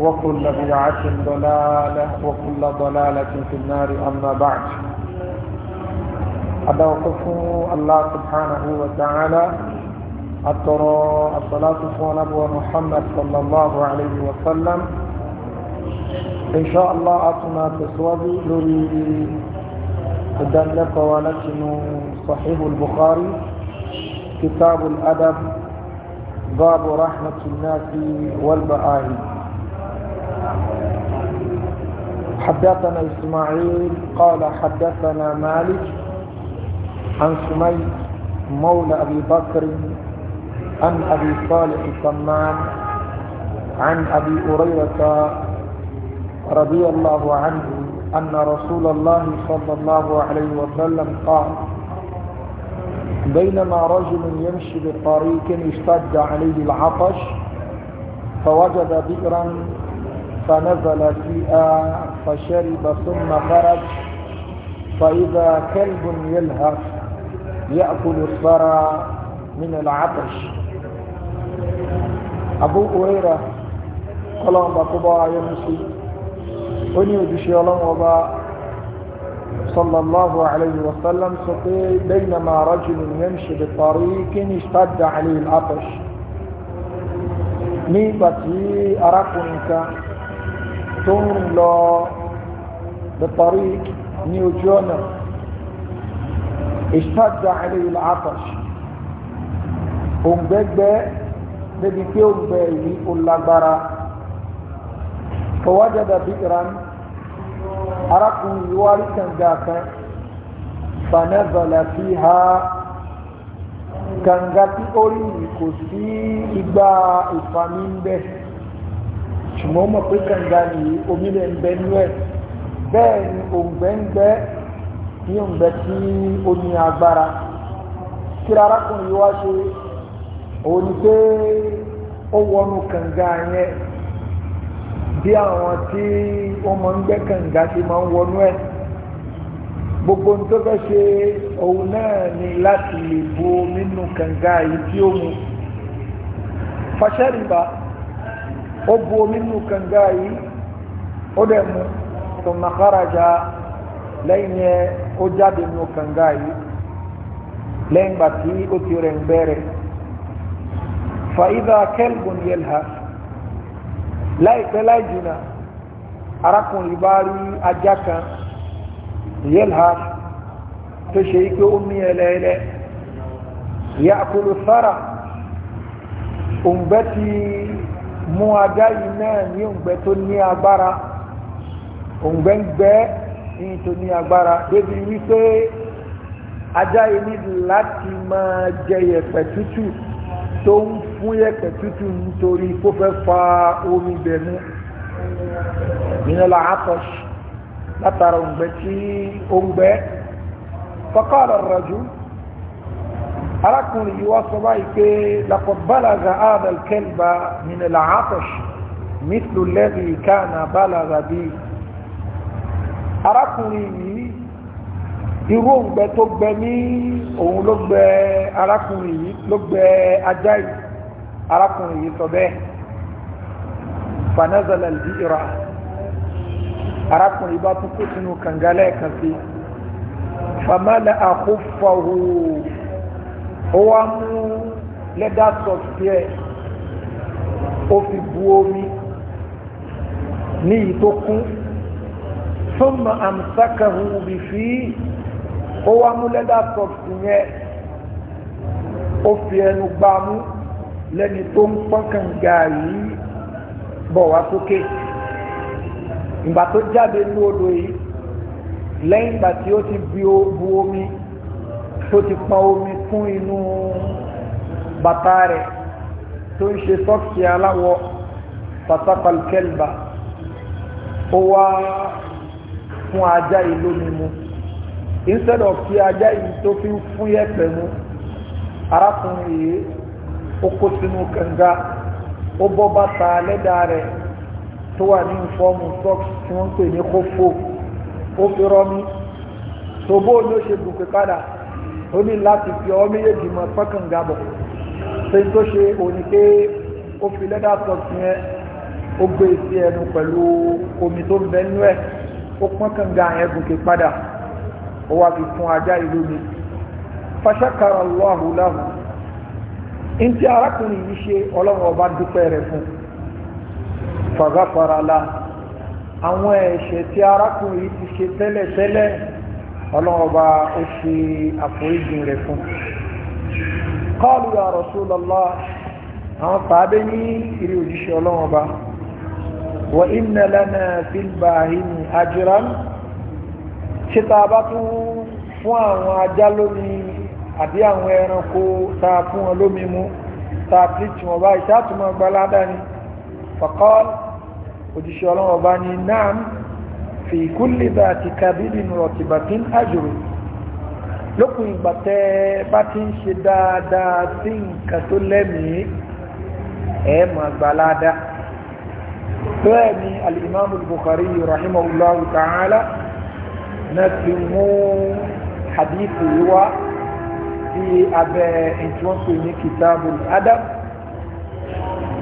وكل بدعة ضلالة وكل ضلالة في النار أما بعد أدوقف الله سبحانه وتعالى أترى الصلاة والسلام محمد صلى الله عليه وسلم إن شاء الله أتنا تسوابي لري قدام ولكن صحيح البخاري كتاب الأدب باب رحمة الناس والبآهي حدثنا إسماعيل قال حدثنا مالك عن سمي مولى أبي بكر عن أبي صالح السمان عن أبي هريرة رضي الله عنه أن رسول الله صلى الله عليه وسلم قال بينما رجل يمشي بطريق اشتد عليه العطش فوجد بئرا فنزل فيها فشرب ثم خرج فإذا كلب يلهث يأكل الثرى من العطش أبو هريرة قال بقبا يمسي أني وجشي الله صلى الله عليه وسلم سقي بينما رجل يمشي بالطريق اشتد عليه العطش نيبتي أراكم كان tó ń lọ bẹ̀tọ̀rí ní ojú ọ̀nà ìṣàjà àìlèyí làátọ̀ṣì òǹgbẹ́gbẹ́ débi pé òǹgbẹ yìí ó lágbára fọwọ́jọ́dà bíkìrán arákùnrin yìí wárí kànga kan fanẹ́bàlà fi ha kànga tí kò sí igba ìfàmì ń bẹ́ẹ̀ ṣùgbọ́n mọ̀ pé kànga ni omi lè ń bẹ nú ẹ̀ bẹ́ẹ̀ ni òǹgbẹ́ ń gbẹ́ ní òǹgbẹ́ tí ó ní agbára kí arákùnrin yìí wá ṣe òun ni pé ó wọnú kànga yẹn bí àwọn tí wọ́n máa ń gbẹ́ kànga ṣe máa ń wọnú ẹ̀ gbogbo tó fẹ́ ṣe òun náà ni láti lè bo nínú kànga yìí tí ó mu fàṣẹ́rìbá ó bu omi nù kànga yìí ó dẹ̀ mu thumma kharaja lẹ́yìn yẹn ó jáde nù kànga yìí lẹ́yìn gbà tí ó ti rẹ̀ ń bẹ̀rẹ̀ fa idha kalbun yalhas láìpẹ́ láì jìnnà arákùnrin bá rí ajá kan yalhas tó ṣe ike ó mí ẹlẹ́ẹ̀lẹ́ ya'kulu thara òǹgbẹ́ ti mú ajá yìí náà ní òǹgbẹ tó ní agbára òǹgbẹ ń gbẹ ní tó ní agbára débi wípé ajá yìí ní láti máa jẹ yẹ̀pẹ̀ tútù tó ń fún yẹ̀pẹ̀ tútù nítorí kó fẹ́ fa omi bẹ̀mú ìyẹnlá àtọ̀ṣ látara òǹgbẹ tí ó ń gbẹ faqala ar arákùnrin yìí wá sọ báyìí pé lakọ̀bálàgà àdàl kẹlbà nínú àtọ̀ṣì mítlu lẹ́bi kánà bálàgà bí arákùnrin yìí irú òǹgbẹ tó gbẹ ní òun ló gbẹ arákùnrin yìí ló gbẹ ajá yìí arákùnrin yìí sọ bẹ́ẹ̀ fanazala al arákùnrin bá tún kó sínú kàngálẹ̀ kan sí famala akhuffahu ó wá mú lẹ́dà sọ̀tìẹ̀ ó fi bu omi ní ìyí tó kún súnmọ́ àmsákàhùn òbí fi ó wá mú lẹ́dà sọ̀tìẹ̀ ó fi ẹnu gbá mú lẹ́ni tó ń pọ́n kànga yìí bọ̀ wá sókè ìgbà tó jáde ní odò yìí lẹ́yìn ìgbà tí ó ti bu omi tó ti pa omi kún inú bàtà rẹ̀ tó ń ṣe sọ́ọ̀kì aláwọ̀ fasakalkelba ó wá fún ajá yìí lómi mu instead of kí ajá yìí tó fi ń fún yẹ̀pẹ̀ mu arákùnrin yìí ó kó sínú kànga ó bọ́ bàtà lẹ́dà rẹ̀ tó wà ní fọ́ọ̀mù sọ́ọ̀kì tí wọ́n ń pè ní kófò ó fi rọ́ mi tòbó ni ṣe bùkẹ́ padà ó ní láti fi ọwọ́ méjèèjì mọ pọ́kàngabọ̀ ṣe tó ṣe òní pé ó fi lẹ́dà sọ̀tún yẹn ó gbé sí ẹnu pẹ̀lú omi tó ń bẹ nú ẹ̀ ó pọ́kànga yẹn gòkè padà ó wá fi fún ajá ìlú mi fàṣàkàrà Allahu lahu ntí arákùnrin yìí ṣe ọlọ́run ọba dúpẹ́ rẹ̀ fún fàgáfàrà la àwọn ẹ̀ṣẹ̀ tí arákùnrin ti ṣe tẹ́lẹ̀tẹ́lẹ̀ ọlọ́ọba ó ṣe àforíjì rẹ̀ fún qalu ya Rasulullah àwọn pàábé ní ìrí òjíṣẹ́ ọlọ́ọba wa inna lana fil bahimi ajran ṣíta bá tún fún àwọn ajá lómi àbí àwọn ẹranko ta fún wọn lómi mú ta fi tí wọn bá ìṣàtúmọ̀ gbaládá ni faqal òjíṣẹ́ ọlọ́ọba ni naam fi kulli dhati kabidin rọ̀tìbàtín ajru lókùn ìgbà tẹ́ bá ti ń ṣe dáadáa sí nǹkan tó lẹ́mìí ẹ máa gbà ládàá bẹ́ẹ̀ ni al-Imam al-Bukhari rahimahullahu ta'ala náà ti mú hadithi wá sí abẹ́ ìtúwọ́pẹ̀ ní kitabul adab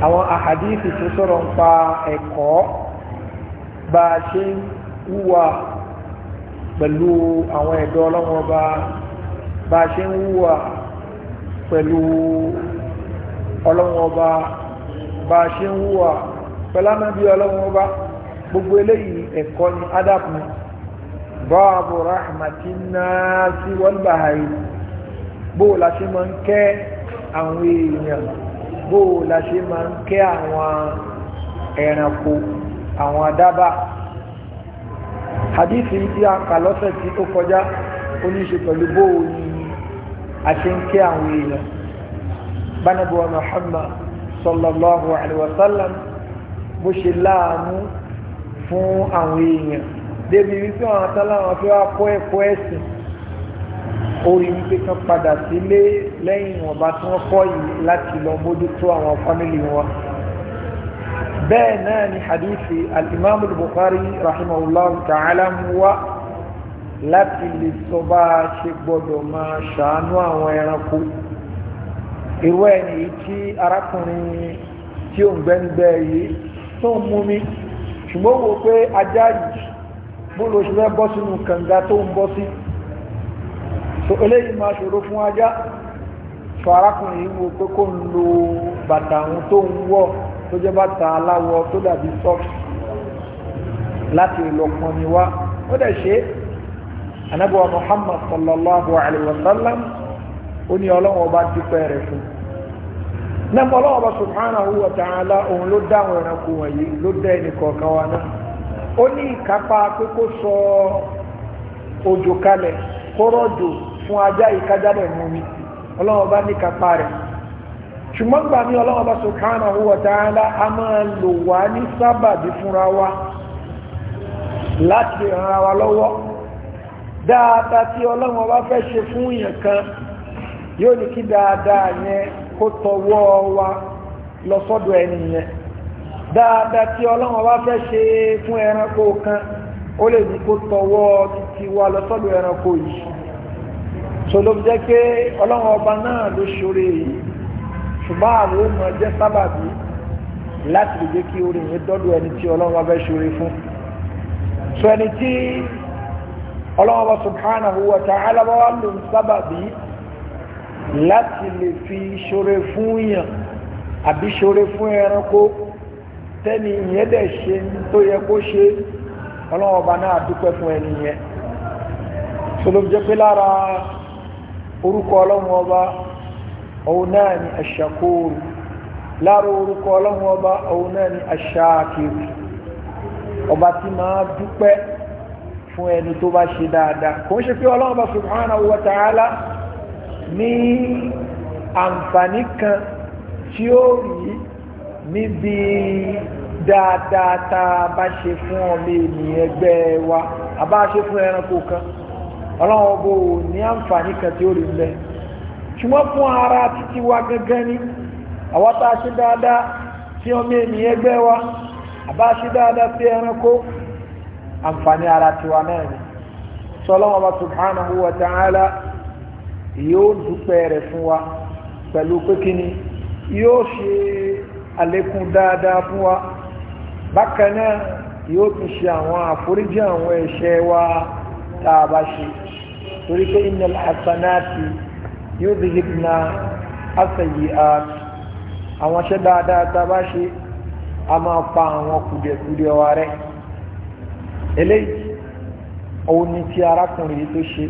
àwọn ahadithi tó sọ̀rọ̀ ń pa ẹ̀kọ́ bá a ṣe ń wúwa pẹ̀lú àwọn ẹ̀dọ́ ọlọ́run ọba bá a ṣe ń wúwa pẹ̀lú ọlọ́run ọba bá a ṣe ń wúwa pẹ̀lú anábí ọlọ́run ọba gbogbo eléyìí ẹ̀kọ́ ni adab ni báàbò rahmatina sí wọ́lbàáyé bóò la ṣe máa ń kẹ́ àwọn èèyàn bóò la ṣe máa ń kẹ́ àwọn ẹranko àwọn adábàá hadithi tí a kà lọ́sẹ̀ tí ó kọjá ó ní ṣe pẹ̀lú bóò ni a ṣe ń kí àwọn èèyàn bánabuwa muhammad sallallahu alaihi wasallam bó ṣe láàánú fún àwọn èèyàn débi wípé àwọn atáláwọn fi wá kọ́ ẹ̀kọ́ ẹ̀sìn orí wípé kan padà sílé lẹ́yìn ìwọ̀nba tí wọ́n kọ́ yìí láti lọ mójútó àwọn fámìlì wọn bẹ́ẹ̀ náà ni hadithi al-imam al-bukhari rahimahullahu ta'ala wa láti lè sọ bá a ṣe gbọdọ̀ máa ṣàánú àwọn ẹranko irú ẹni tí arákùnrin tí ó ń gbẹ́ngbẹ́ yìí tó ń mú mi ṣùgbọ́n wo pé ajá yìí bó ló ṣe bọ́ sínú kànga tó ń bọ́ sí so eléyìí máa ṣòro fún ajá so arákùnrin yìí wo pé kó ń lo bàtà àwọn tó ń wọ̀ tó jẹ́ bàtà aláwọ̀ tó dàbí sọ́ọ̀kì láti ìlú ọkàn ni wá ó dẹ̀ ṣe anábọ̀ Muhammad sallallahu alayhi wa sallam ó ní ọlọ́wọ́ bá dúpẹ́ rẹ̀ fún náà ọlọ́wọ́ bá subhanahu wa ta'ala òun ló dá àwọn ẹranko wọ̀nyí ló dá ẹnì kọ̀ọ̀kan wa náà ó ní ìkápá pé kó sọ òjò kalẹ̀ kó rọ̀jò fún ajá ìkájá rẹ̀ mú mi bá ní kápá rẹ̀ ṣùgbọ́n gbà ní ọlọ́wọ́ bá subhanahu wa ta'ala a máa lò wá ní sábàbí fúnra wa láti ràn wa lọ́wọ́ dáadáa tí ọlọ́wọ́ bá fẹ́ ṣe fún èèyàn kan yóò ní kí dáadáa yẹn kó tọwọ́ wa lọ sọ́dọ̀ ẹni yẹn dáadáa tí ọlọ́wọ́ fẹ́ ṣe fún ẹranko kan ó lè ní kó tọwọ́ títí wa lọ sọ́dọ̀ ẹranko yìí sọlọ́bù ṣùgbọ́n àwọn ó mọ jẹ́ sábàbí láti lè jẹ́ kí orin yẹn dọ́dọ̀ ẹni tí ọlọ́run wa fẹ́ ṣoore fún sọ ẹni tí ọlọ́run wa subhanahu wa ta'ala wa lò ń sábàbí láti lè fi ṣoore fún yàn àbí ṣoore fún ẹranko tẹ́ni ìyẹn dẹ̀ ṣe tó yẹ kó ṣe ọlọ́run ọba náà dúpẹ́ fún ẹni yẹn sọlọ́m jẹ́ pé lára orúkọ ọlọ́run ọba òun náà ni aṣakóòrù lára orúkọ ọlọ́run ọba òun náà ọba tí máa dúpẹ́ fún ẹni tó bá ṣe dáadáa kò ń ṣe pé ọlọ́run ọba subhanahu wa ta'ala ní àǹfààní kan tí ó rí níbi dáadáa tá ṣe fún ọmọ ènìyàn wa a bá ṣe fún ẹranko kan ọba ò ní àǹfààní ṣùgbọ́n fún ara títí wa gangan ni àwọn tá a ṣe dáadáa tí ọmọ ènìyàn wa àbá ṣe dáadáa sí ẹranko àǹfààní ara tiwa náà ni sọlọ́wọ́ bá subhanahu wa ta'ala yóò dúpẹ́ rẹ̀ fún wa pẹ̀lú pé ni yóò ṣe àlékún dáadáa fún wa bákan náà yóò tún ṣe àwọn àforíjì àwọn ẹ̀ṣẹ̀ wa tá a bá ṣe torí pé innal hasanati yudhhibna as-sayyi'at àwọn ṣẹ́ dáadáa tá a bá ṣe a máa pa àwọn kùdìẹ̀kùdìẹ̀ wa rẹ̀ eléyìí òun ni ti arákùnrin yìí tó ṣe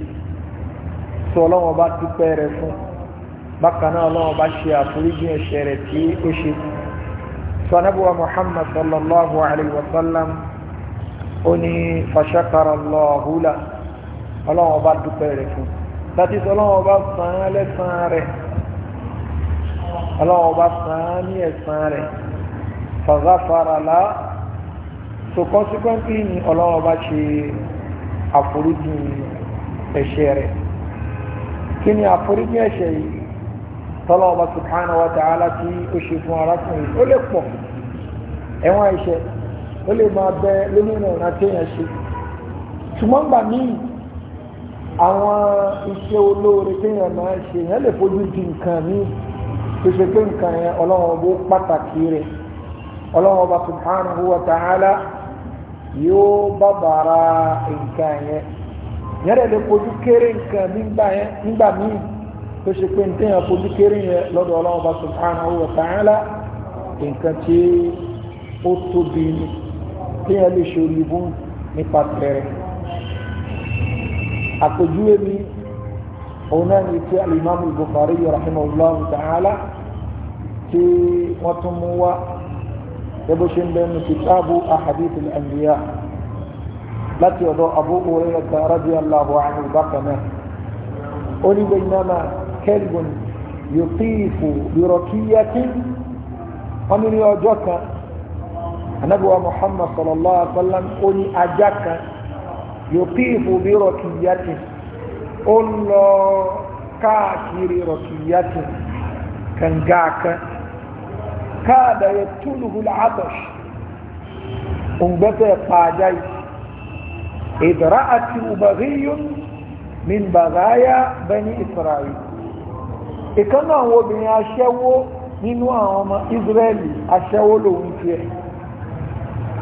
sọ ọlọ́wọ́n bá dúpẹ́ rẹ̀ fún bákan náà ọlọ́wọ́n bá ṣe àforíjì ẹ̀ṣẹ̀ rẹ̀ tí ó ṣe sanabuwa muhammad sallallahu alayhi wa sallam ó ní fashakara allahu ọlọ́wọ́n bá dúpẹ́ rẹ̀ fún tàbí ọlọ́wọ́ bá san án lẹ́sàn rẹ̀ ọlọ́wọ́ bá sàn án ní ẹ̀sàn rẹ̀ so consequently ni ọlọ́wọ́ bá ṣe àforíjì ẹ̀ṣẹ̀ rẹ̀ kí ni àforíjì ẹ̀ṣẹ̀ yìí tọ́lọ́wọ́ bá subhanahu wa ta'ala tí ó ṣe fún arákùnrin ó lè pọ̀ ẹ̀wọ̀n ẹ̀ṣẹ̀ ó lè máa bẹ lómìnira téèyàn ṣe ṣùgbọ́n gbà míì àwọn iṣẹ́ olóore téèyàn máa ń ṣe èèyàn lè fojú di nǹkan míì tó ṣe pé nǹkan yẹn ọlọ́run ọba pàtàkì rẹ̀ ọlọ́run ọba subhanahu wa ta'ala yóò bàbàrà nǹkan yẹn èèyàn lè lè fojú kéré nǹkan nígbà míì tó ṣe pé téèyàn fojú kéré yẹn lọ́dọ̀ ọlọ́run ọba subhanahu wa ta'ala nǹkan tí ó tóbi ni téèyàn lè ṣe olùbùn nípa tẹ̀rẹ̀ àpèjúwe mi òun náà ni tí alimami Bukhari rahimahullah ta'ala tí wọ́n tún mú wá ẹbí ṣe ń bẹnu kitabu ahadith al-anbiya láti ọ̀dọ̀ Abu Hurairah radiyallahu anhu bákan náà ó ní baynama kalbun yutifu bi rakiyatin wọ́n ní ní ọjọ́ Muhammad sallallahu alaihi wa sallam ó yòókìfù bí rọ̀kìyàtì ó ń lọ káàkiri rọ̀kìyàtì kànga kan káàdà yẹ túlùhù làbọ̀ṣ òǹgbẹ́tẹ̀ pàjá yìí ìdàrá àti ubàríyùn min bàgáyà bẹni israẹli ìkànnà àwọn obìnrin aṣẹ́wó nínú àwọn ọmọ israẹli aṣẹ́wó lòun tiẹ̀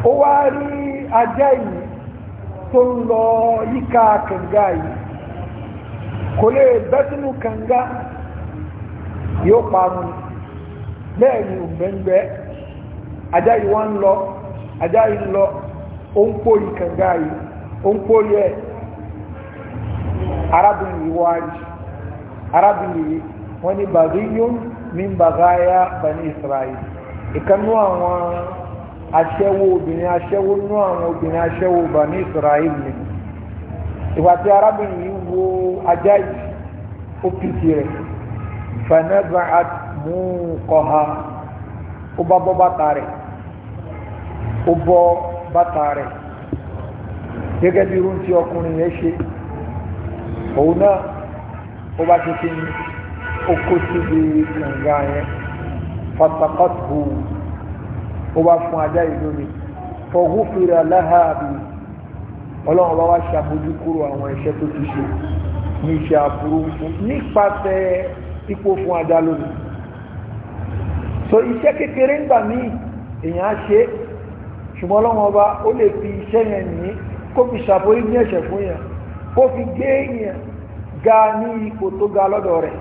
ó wá rí ajá yìí tó ń lọ yíká kànga yìí kò lè bẹ́ sínú kànga yóò parun bẹ́ẹ̀ ni òǹgbẹ́ǹgbẹ́ ajá yìí wọ́n ń lọ ajá yìí ń lọ ó ń pòrí kànga yìí ó ń pòrí ẹ̀ arábìnrin yìí wá rí arábìnrin yìí wọ́n ní bàbá yìí ń bàbá ya bani Israel ìkànnú àwọn aṣẹ́wó obìnrin aṣẹ́wó nú àwọn obìnrin aṣẹ́wó bà ní Israel ni ìgbà tí arábìnrin yìí wo ajá yìí ó pìtì rẹ̀ fanaba mú kọ́ha ó bá bọ́ bàtà rẹ̀ ó bọ́ bàtà rẹ̀ gẹ́gẹ́ bí irú tí ọkùnrin yẹn ṣe òun náà ó bá ti fi ó kó síbi ó wá fún ajá ìlú mi fọwọ́ fèrè aláhàbì ọlọ́run bá wá ṣàbójú kúrò àwọn iṣẹ́ tó ti ṣe ní iṣẹ́ àbúrú nípasẹ̀ ipò fún ajá lónìí so iṣẹ́ kékeré ń gbà míì èèyàn á ṣe ṣùgbọ́n ọlọ́run ọba ó lè fi iṣẹ́ yẹn ní kó fi ṣàbóyí ní ẹ̀ṣẹ̀ fún yẹn kó fi gbé yẹn ga ní ipò tó ga lọ́dọ̀ rẹ̀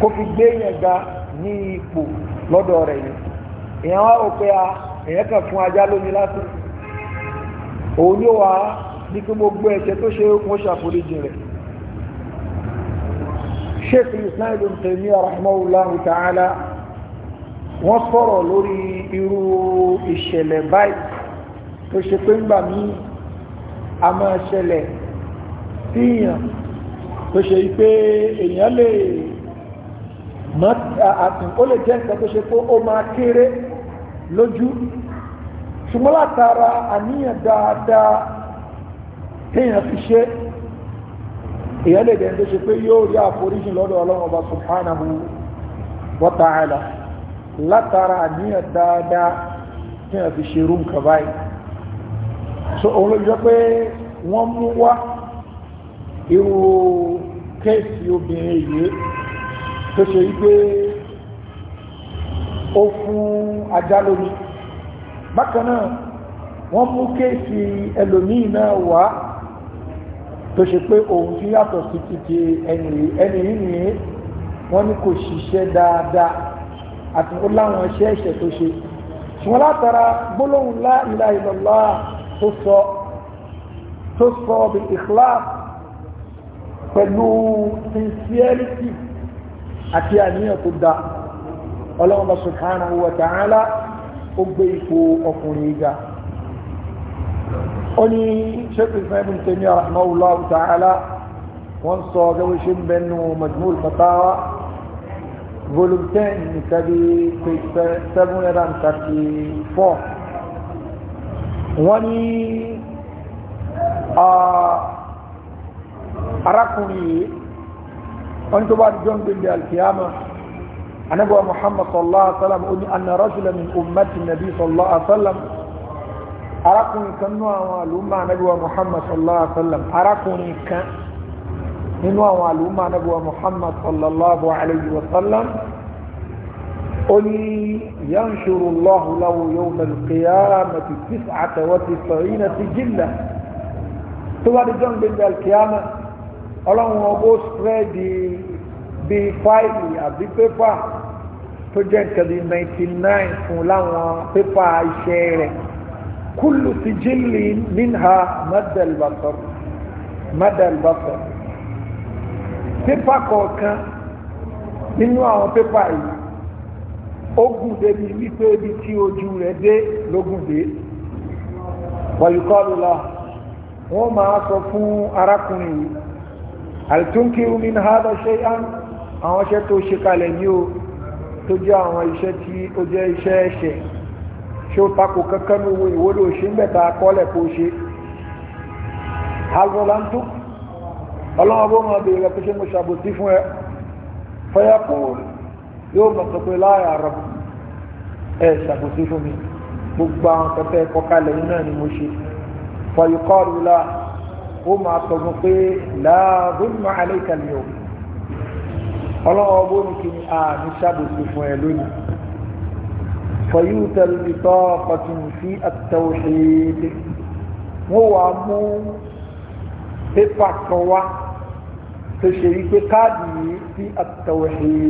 kó fi gbé yẹn ga ní ipò lọ́dọ̀ rẹ̀ yìí èèyàn wá rò pé a èèyàn kàn fún ajá lómi lásán òun yóò wá ní kí mo gbọ́ ẹ̀ṣẹ̀ tó ṣe mo ṣàforíjì rẹ̀ sheikh islam ibn taymiyyah rahimahullahu ta'ala wọ́n sọ̀rọ̀ lórí irú ìṣẹ̀lẹ̀ báyìí tó ṣe pé ńgbà míì a máa ṣẹlẹ̀ síyàn tó ṣe pé èèyàn lè o le jẹ́ nǹkan tó ṣe pé o máa kéré lójú ṣùgbọ́n látara àníyàn dáadáa téèyàn fi ṣe èèyàn lè dẹ̀ tó ṣe pé yóò rí lọ́dọ̀ ọlọ́run ọba subhanahu wa ta'ala látara àníyàn dáadáa téèyàn fi ṣe rú nǹkan báyìí so òun ló jọ pé wọ́n mú wá irú kéèsì tó ṣe wípé ó fún ajá lórí bákan náà wọ́n mú kéèsì ẹlòmíì náà wá tó ṣe pé òun fi yàtọ̀ sí títí ẹni yìí wọ́n ní kò ṣiṣẹ́ dáadáa àti ó láwọn iṣẹ́ ẹ̀ṣẹ̀ tó ṣe ṣùgbọ́n látara gbólóhùn lá ilaha illallah tó sọ tó sọ bí ikhlas pẹ̀lú sincerity àti àníyàn tó da ọlọ́run subhanahu wa ta'ala ó gbé ipò ọkùnrin ga ó ní sheikh ismail bin Taymiyyah rahimahullah ta'ala wọ́n sọ gẹ́gẹ́ ṣe ń ah, arákùnrin yìí wọ́n tó bá di john gbende alkiyama anabuwa muhammad sallallahu alaihi wasallam ó ní anna rajula min ummati nabi sallallahu alaihi wasallam arákùnrin kan nínú àwọn àlùmọ́ anabuwa muhammad sallallahu alaihi wasallam arákùnrin kan nínú àwọn àlùmọ́ anabuwa muhammad sallallahu alaihi wasallam ó ní yanṣuru allahu lahu yawm alqiyamati tis'ata wa tis'ina sijilla tó bá di john gbende alkiyama ọlọ́run ọgbó spreadi bí fáìlì àbí pépà tó jẹ́ nǹkan bíi ninety nine fún láwọn pépà iṣẹ́ rẹ̀ kúlù sí jíìlì minha madalbasor madalbasor pépà kọ̀ọ̀kan nínú àwọn pépà yìí ó gùn débi wípé ibi tí ojú rẹ̀ dé ló gùn dé wàyíkọ́ lọ́la wọ́n máa sọ fún arákùnrin yìí altunkiru min hada shay'an àwọn iṣẹ́ tó ṣe kalẹ̀ ní o tó jẹ́ àwọn iṣẹ́ tí ó jẹ́ iṣẹ́ ẹ̀ṣẹ̀ ṣe ó takò kankan ní owó ìwó ló ṣe ń bẹ̀ta kọ́lẹ̀ kó ṣe hazọ́lántú ọlọ́wọ́ bó máa bèèrè pé ó máa sọ̀rọ̀ pé láàbùnmọ̀ àlẹ́kàlẹ̀ ọ̀ ọlọ́wọ́ bó ní kí ni a ní sábòsí fún ẹ lónìí fọyútẹ̀ lùtọ́ pàtùn sí àtẹ̀wòṣèlè wọ́n wà mú pépà kan wá tó ṣe rí pé káàdì yìí sí àtẹ̀wòṣèlè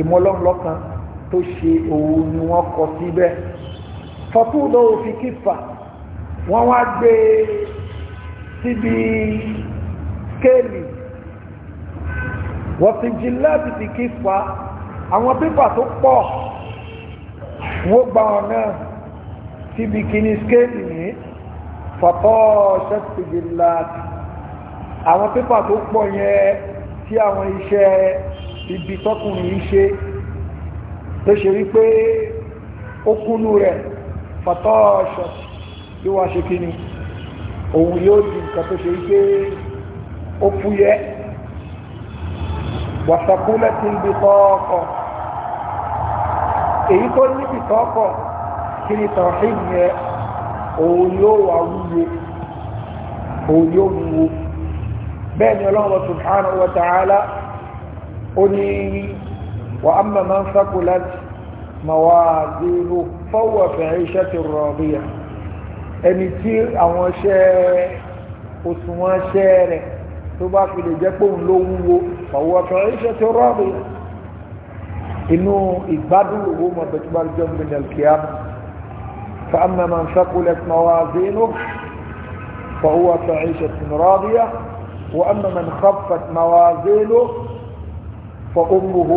ìmọ̀lọ́mọlọ́kan tó ṣe òun ni wọ́n kọ síbẹ̀ fọ́tún lọ́wọ́ kífà wọ́n wá gbé e síbi kéèlì wọ̀fìjì láti ti kí fa àwọn pépà tó pọ̀ wọ́n gba ọ̀nà síbi kíní skéèlì ní fọ̀tọ́ ṣẹ́tìjì láti àwọn pépà tó pọ̀ yẹn tí àwọn iṣẹ́ ibi tọkùnrin ṣe tó ṣe wípé ó kúnnú rẹ̀ fọ̀tọ́ ṣẹ́tìjì yóò wá ṣe kíní òun yóò di nǹkan tó ṣe wípé ó fúyẹ́ wàṣàkúlẹ̀ ti ń bi tọ́ọ̀kọ̀ èyí tó níbi tọ́ọ̀kọ̀ kí ni tọ̀hìn yẹn òun yóò wà wúwo òun yóò wúwo bẹ́ẹ̀ ni ọlọ́run subhanahu wa ta'ala ó ní wa amma man sakulat mawazinu fọwọ́ fẹ̀rẹ̀ iṣẹ́ ti rọ̀ ẹni tí àwọn iṣẹ́ òṣùwọ̀n ṣẹ́ rẹ̀ tó bá fi lè jẹ́ pé òun ló wúwo ọ̀wọ́ ọ̀tọ̀ iṣẹ́ tó rọ́ọ̀bù inú ìgbádùn owó mọ̀tò tó bá jẹ́ gbìyànjú kìá فأما من ثقلت موازينه فهو في عيشة راضية وأما من خفت موازينه فأمه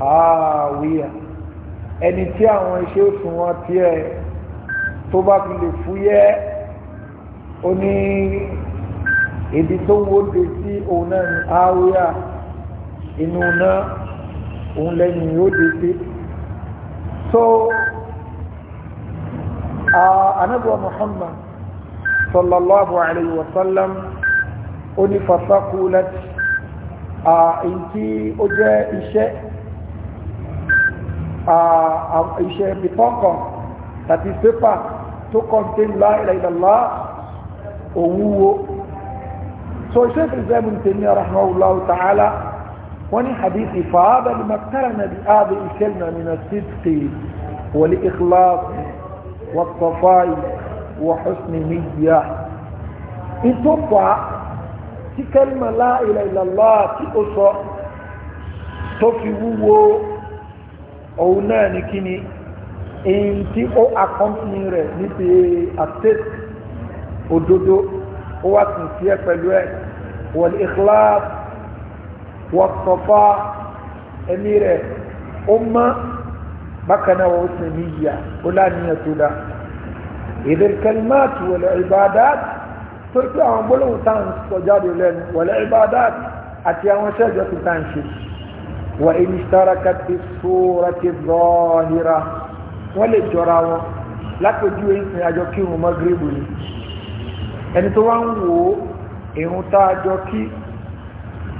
هاوية ẹni tí àwọn iṣẹ́ òsùn wọn tiẹ̀ tó bá fi lè fúyẹ́ ó ní ibi tó wó de sí òun náà ní áwíà inú náà òun lẹ́yìn yóò de sí so anabuwa muhammad sallallahu alayhi wa sallam ó ní fatakú láti èyí tí ó jẹ́ iṣẹ́ iṣẹ́ bitọ́kọ̀ tàbí pépà tó kọ́ntẹ́ la ilaha illallah so sheikh islam ibn taymiyyah rahimahullah ta'ala wani hadithi fa hada limaktarana bi hadhihi alkalima min as-sidqi wal ikhlas wa safai wa husni niyyah itofa tí kalima la ilaha illallah tí ó sọ tó fi wúwo òun náà ní kíni èyí tí ó accompany rẹ̀ níbi àtẹ́sí òdodo ó wá sùn sí ẹ pẹ̀lú ẹ̀ والإخلاص والصفاء أمير أمة بكنا وسمية ولا نية لا إذا الكلمات والعبادات تركي عن بلو تانس وجادوا لنا والعبادات أتي عن شجرة تانشي وإن اشتركت في الصورة الظاهرة ولجراوة لك جوين أجوكيه مغربي أن توانا irun tá a jọ kí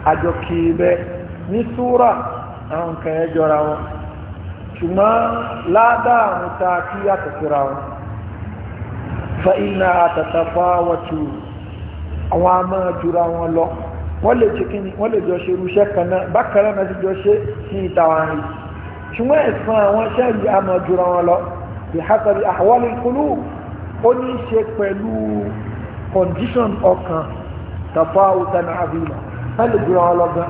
a jọ kí i bẹ ní súrà àwọn nǹkan yẹn jọra wọn ṣùgbọ́n ládàá àwọn tá a kí yàtọ̀ síra wọn fa iná àtàtàfà wàtú àwọn a máa jura wọn lọ wọ́n lè ṣe kí ni wọ́n lè jọ ṣe irúṣẹ́ kan náà bákan náà ti jọ ṣe ní ìta wa rìn ṣùgbọ́n ẹ̀sán àwọn iṣẹ́ yìí a máa jura wọn lọ bí hasabi ahwalil qulub ó ní í ṣe pẹ̀lú condition ọkàn tafawutan azima wọ́n lè gbéra wọn lọ́gán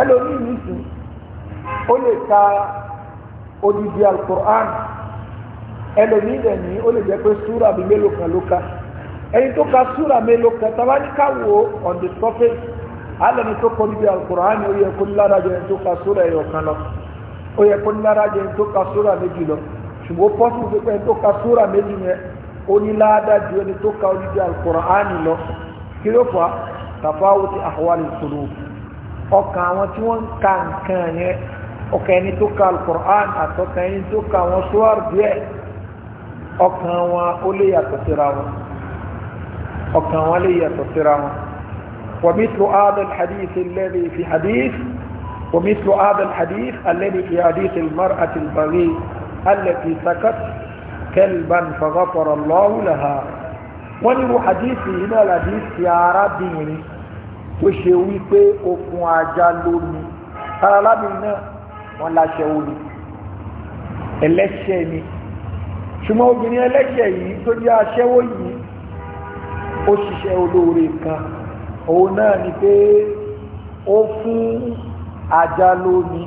ẹlòmíì nìsín ó lè ka odidi alukur'an ẹlòmíì dẹ̀ ní ó lè jẹ́ pé súra bíi mélòó kan ló ka ẹni tó ka súra mélòó kan tàbá ní ká wo on the surface alẹ́ni tó kọ́ níbi alukur'an ó yẹ kó lára jẹ́ ẹni tó ka súra ẹ̀yọ̀ kan lọ ó yẹ kó lára jẹ́ ẹni tó ka súra méjì lọ ṣùgbọ́n pọ́sibú pé ẹni tó ka súra méjì yẹn ó ní láàdá ju ẹni tó ka odidi alukur'an lọ kí ló fà tafawuti ahwali qulub ọkàn àwọn tí wọ́n ń ka nǹkan yẹn ọkàn ẹni tó ka alukur'an àtọkàn ẹni tó ka àwọn suwar díẹ̀ ọkàn wọn ó lè yàtọ̀ síra wọn ọkàn wọn lè yàtọ̀ síra wọn ومثل هذا الحديث الذي في حديث ومثل هذا الحديث الذي في حديث المرأة البغي التي سكت كلبا فغفر الله لها wọ́n nínú hadithi yìí náà hadithi arábìnrin tó ṣe wípé okun ajá lómi tara lábìnrin náà wọ́n láṣẹ omi ẹlẹ́ṣẹ̀ ni ṣùgbọ́n obìnrin ẹlẹ́ṣẹ̀ yìí tó jẹ́ aṣẹ́wó yìí ó ṣiṣẹ́ olóore kan òun náà ni pé ó fún ajá lómi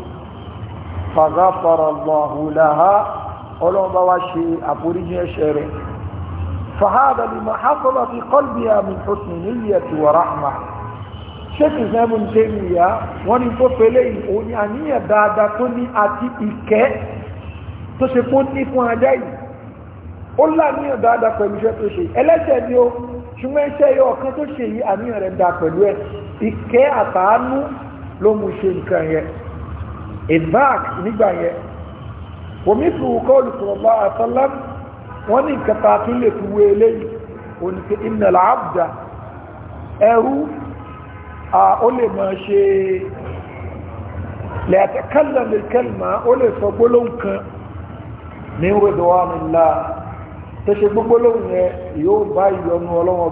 fàgáfàrà ọlọ́run bá wá ṣe àforíjì ẹ̀ṣẹ̀ rẹ̀ فهذا لما حصل في قلبها من حسن نية ورحمة شيخ الإسلام ابن تيمية ونفوف إليه ونعنية بعد كل أتي إكاء تسفوني فوانجاي ọlá àníyàn dáadáa pẹ̀lú iṣẹ́ tó ṣe ẹlẹ́ṣẹ̀ ni ó ṣùgbọ́n iṣẹ́ yọ ọ̀kan tó ṣe yìí àníyàn rẹ̀ dáa pẹ̀lú ẹ̀ ìkẹ́ àtàánú ló mú ṣe nǹkan yẹn in fact nígbà yẹn omi fi wùkọ́ olùsọ̀rọ̀ bá àtọ́lámù wọ́n ní ìkẹta tún lè fi wé eléyìí o ní pé innal abda ẹrú ó lè máa ṣe lẹ́ẹ̀tẹ̀kẹ́lẹ̀ lẹ́kẹ́lẹ̀má ó lè sọ gbólóhùn kan ní ridwanillah tó ṣe gbólóhùn yẹn yóò bá ìyọnu ọlọ́wọ́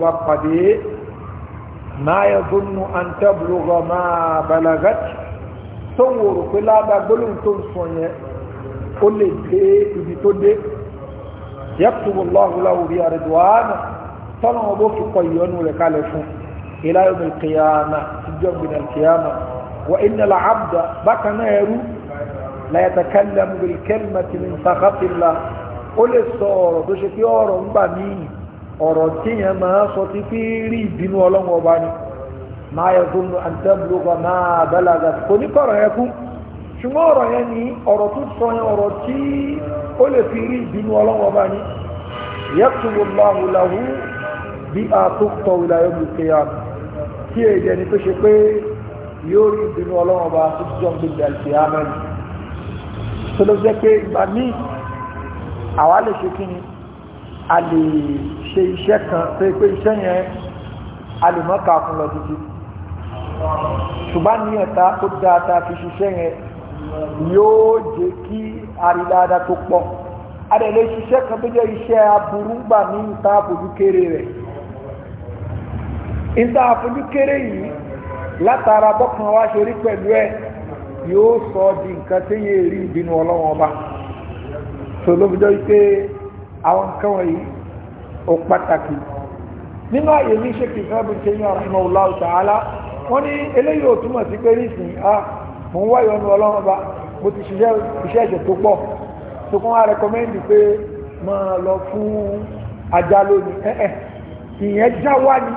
yaktubu Allahu lahu biha ridwana tọ́nà ọbọ̀ fi kọ ìyọnu rẹ̀ kalẹ̀ fún ila yawm al-qiyama ìjọ gbìnà kìyàmà wa inna al-abda bákan náà ẹrú la yatakallamu bil kalimati min sakhatillah ó lè sọ ọ̀rọ̀ tó ṣe pé ọ̀rọ̀ ń gbà míì ọ̀rọ̀ tíyẹn máa sọ ti fi rí ìbínú ọlọ́run ọba ni máa yẹ fún mi àtẹ́bùlùkọ máa bẹ́làgà kò ní kọ̀rọ̀ yẹn kú ṣùgbọ́n ọ̀rọ̀ yẹn ni ọ̀rọ̀ tó sọ yẹn ọ̀rọ̀ tí ó lè fi rí ìbínú ọlọ́wọ́ bá ní yaktubu Allahu lahu bi'a tuqta ila yawm al-qiyamah tí èdè ni tó ṣe pé yóò rí ìbínú ọlọ́wọ́ bá tó ti jọm gbogbo al-qiyamah mẹ́rin tó ló jẹ́ pé ìgbà míì àwa lè ṣe kí ni a lè ṣe iṣẹ́ kan tó pé iṣẹ́ yẹn a lè mọ́ka fún lọ títí ṣùgbọ́n ní ẹ̀ta tó dáadáa fi ṣiṣẹ́ yẹn yóò jẹ́ kí àrídáadáa tó pọ̀ adẹ̀lẹ̀ ṣiṣẹ́ kan tó jẹ́ iṣẹ́ aburú ní ìta àfojúkéré rẹ̀ ìta àfojúkéré yìí látara bọ́kàn wá ṣe rí pẹ̀lú ẹ yóò sọ di nǹkan tí yé rí ìbínú ọlọ́wọ́n ọba tó ló fi jọ àwọn nǹkan ó pàtàkì nínú àyè ní ṣe kìí fẹ́ bí ṣe wọ́n ní eléyìí ò túmọ̀ sí pé ah, mo ń wáyọ̀ ọ̀nà ọlọ́run ọba mo ti ṣiṣẹ́ ẹ̀ṣẹ̀ tó pọ̀ tó kún wá rẹkọmẹ́ndì pé máa lọ fún ajá lónìí ẹ̀ẹ́ ìyẹn já wá ni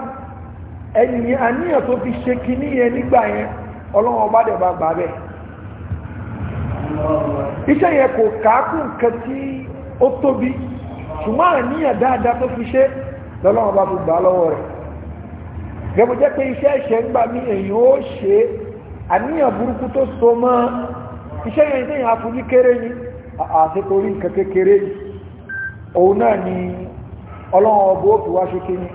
ẹni àníyàn tó fi ṣe kinní yẹn nígbà yẹn ọlọ́run ọba dẹ̀ bá gbà bẹ́ẹ̀ iṣẹ́ yẹn kò káàkùn nǹkan tí ó tóbi ṣùgbọ́n àníyàn dáadáa tó fi ṣe lọ́lọ́run ọba fi gbà lọ́wọ́ rẹ̀ gẹ́gbẹ́ jẹ́ pé iṣẹ́ ẹ̀ṣẹ̀ ń àníyàn burúkú tó so mọ́ iṣẹ́ yẹn tí yẹn afúnjí kéré ní àṣetorí nǹkan kékeré òun náà ni ọlọ́run ọgbọ́ òfin wá ṣe kíni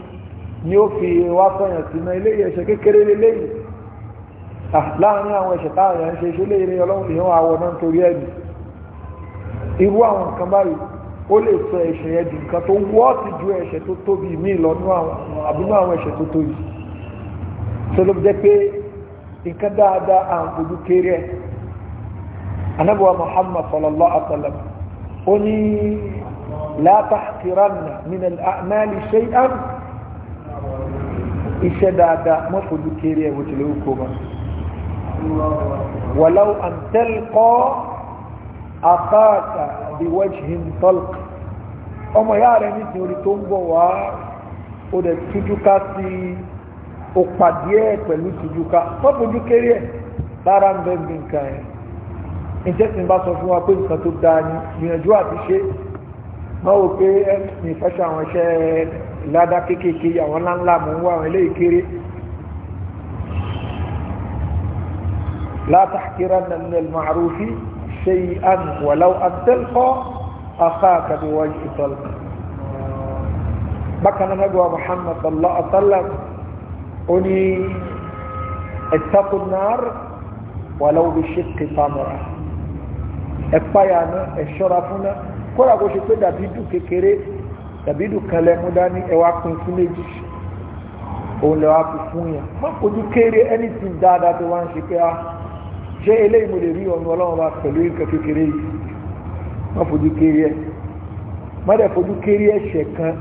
ni ó fi wá sọ̀yàn sínú ilé ẹ̀ṣẹ̀ kékeré lélẹ́yìn láàrin àwọn ẹ̀ṣẹ̀ táwọn ẹ̀ṣẹ̀ ṣe léèrè ọlọ́run ìyẹn àwọ̀ náà torí ẹ̀mí irú àwọn nǹkan báyìí ó lè sọ ẹ̀ṣẹ̀ jẹ́ pé nǹkan dáadáa à ń fojú kéré ẹ̀ anábọ̀wá muhammad sallallahu alaihi wa sallam ó ní la tahqiranna min al-a'mali shay'an iṣẹ́ dáadáa má fojú kéré ẹ̀ wò tilẹ̀ ó kó ma walau an talqa akhaka biwajhin talq ọmọ yára ẹni tí orí tó ó pàdé ẹ̀ pẹ̀lú tìjúká tọ́bùjú kéré ẹ̀ lára ń bẹ́ bí nǹkan ẹ̀ ǹjẹ́ tí n bá sọ fún wa pé nǹkan tó dáa ni gbìyànjú àti ṣe máa wò pé ẹ ní ìfẹ́ṣẹ̀ àwọn iṣẹ́ ládá kéékèèké àwọn ńláńlá mò ń wá àwọn eléyìí kéré la tahkiranna min al-ma'ruf shay'an walau an talqa akhaka biwajhin bákan náà nàgbà Muhammad sallallahu alaihi ó ní ẹ̀tàkùnnáàr wàláwò bí ṣe kì pamọ́ra ẹ̀páyà náà ẹ̀ṣọ́ra fún náà kódà kó ṣe pé dàbídù kékeré dàbídù kan lẹ́mú dání ẹwà pin fún méjì òun lẹ́wà pin fún yẹn má kojú kéré anything dáadáa tó wá ń ṣe pé a ah, ṣé eléyìí mo lè rí ọ̀nà ọlọ́run wa pẹ̀lú nǹkan kékeré yìí má fojú kéré ẹ̀ má dẹ̀ fojú kéré ẹ̀ṣẹ̀ kan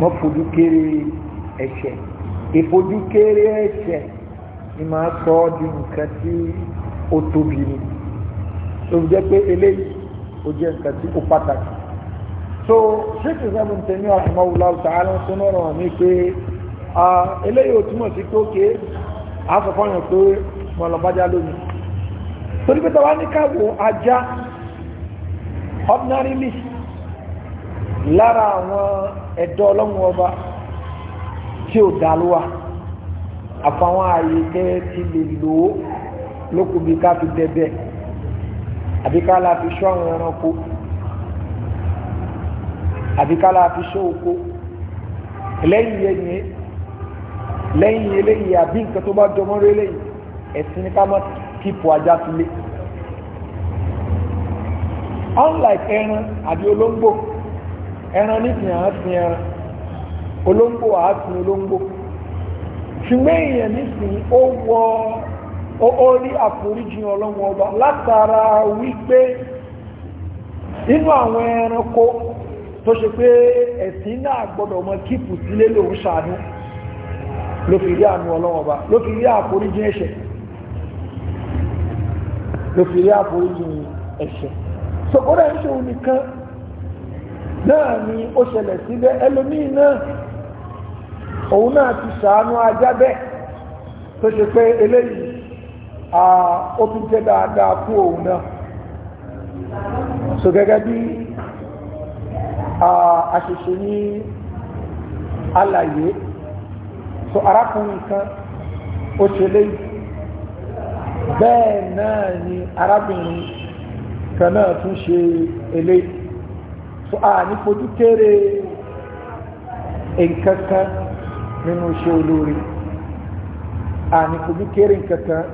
má fojú kéré ẹ̀ṣẹ̀ ìfojúkéré ẹ̀ṣẹ̀ ni máa sọ ọ́ di nǹkan tí ó tóbi ni tó jẹ́ pé eléyìí ó jẹ́ nǹkan tí ó pàtàkì so sheikh islam tẹ̀mí ọ̀hìnmáwùlá ọ̀tàrà ń ni ọ̀rọ̀ mi pé eléyìí ò túmọ̀ sí pé ókè àfọ̀fọ́yàn pé mọ̀lọ́bájá lónìí torí pé tọ́wá ní káwò ajá ordinarily lára àwọn ẹ̀dọ́ ọlọ́run ọba tí ò dá ló wà àfàwọn ààyè tẹ́ ti lè lò ó lókùn bí ká fi dẹ́bẹ̀ àbí ká la fi ṣọ́ àwọn ẹranko àbí ká la fi ṣọ́ oko lẹ́yìn yẹn ni lẹ́yìn eléyìí àbí nǹkan tó bá jọmọ́rọ́ eléyìí ẹ̀sìn ní ká má kíkọ ajá sílé unlike ẹran àbí olóńgbò ẹran nísìnyí àwọn sin ẹran olóńgbò àátún olóńgbò ṣùgbọ́n èèyàn nísìnyí ó wọ ó rí àforíjì ọlọ́wọ́n ọba látara wípé inú àwọn ẹranko tó ṣe pé ẹ̀sìn náà gbọ́dọ̀ mọ kíìpù sílé lòun ṣàánú ló fi rí àánú ọlọ́wọ́n ọba ló fi rí àforíjì ẹ̀ṣẹ̀ ló fi rí àforíjì ẹ̀ṣẹ̀ sọ̀kọ́dà ń ṣe òun nìkan náà ni ó ṣẹlẹ̀ síbẹ̀ ẹlòmíì náà òun náà ti ṣàánú ajá tó ṣe pé eléyìí ó tún jẹ́ dáadáa fún òun náà so gẹ́gẹ́ bí àṣìṣe ní àlàyé so arákùnrin kan ó ṣe léyìí bẹ́ẹ̀ náà ni arábìnrin kan náà tún ṣe so a ní fojú nínú iṣẹ́ olóore àní kò bí kéré kankan